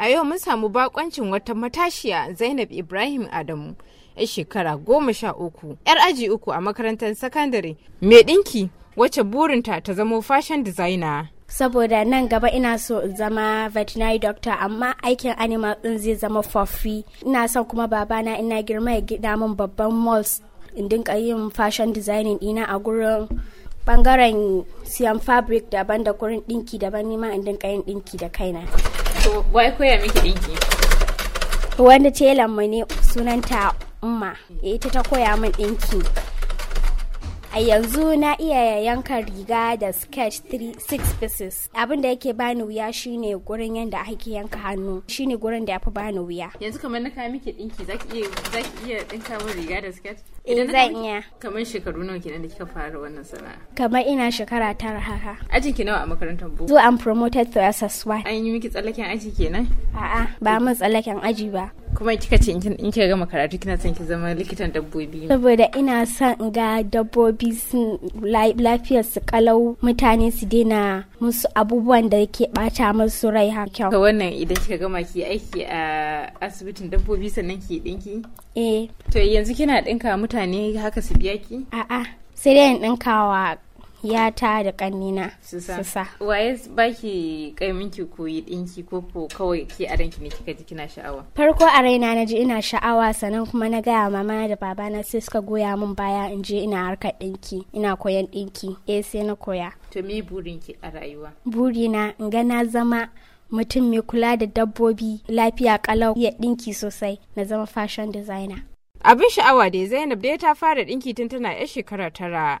A yau mun samu bakoncin wata matashiya Zainab Ibrahim Adamu, ya shekara goma sha uku, 'yar aji uku a makarantar sakandare, mai ɗinki wacce burinta ta zamo fashion designer. saboda nan gaba ina so in zama veterinary doctor amma aikin animal din zai zama for free ina son kuma babana ina girma ya gida min babban malls in dinka yin fashion designing ina a gurin bangaren siyan fabric daban da kurin dinki daban nima in dinka yin dinki da kaina To, wai koya miki dinki? Wani telan mu ne sunanta Umma, eh, ita ta koya min dinki. A yanzu na iya yanka riga da sketch 6 pieces. Abin da yake bani wuya shine gurin yadda ake yanka hannu. Shine gurin da ya fi bani wuya. Yanzu kamar na kawo miki dinki za ki iya dinka min riga da sketch? Eh, Idan zan iya. Kamar shekaru nawa kenan da kika fara wannan sana'a? Kamar ina shekara tara haka. Ajin ki nawa a makarantar boko? Zuwa am promoted to SS1. An yi miki tsallaken aji kenan? A'a, ba mun tsallaken aji ba. kuma kika ce in kika gama karatu kina son ki zama likitan dabbobi saboda ina son ga dabbobi sun lafiyar su kalau mutane su daina musu abubuwan da ke bata musu rai ha kyau to wannan idan kika gama ki aiki a asibitin dabbobi sannan ki dinki eh to yanzu kina dinka mutane haka su biya ki a'a sai dai in dinka wa Ya ta da kanina. su sa waye baki kai minki koyi dinki ko ko kawai ki a ranki ne kika ji kina sha'awa farko a raina na ji ina sha'awa sannan kuma na gaya mama da baba na sai suka goya min baya in je ina harkar dinki ina koyan dinki eh sai na koya to me burinki a rayuwa burina in ga na zama mutum mai kula da dabbobi lafiya kalau ya dinki sosai na zama fashion designer abin sha'awa dai zainab dai ta fara dinki tun tana 'yar shekara tara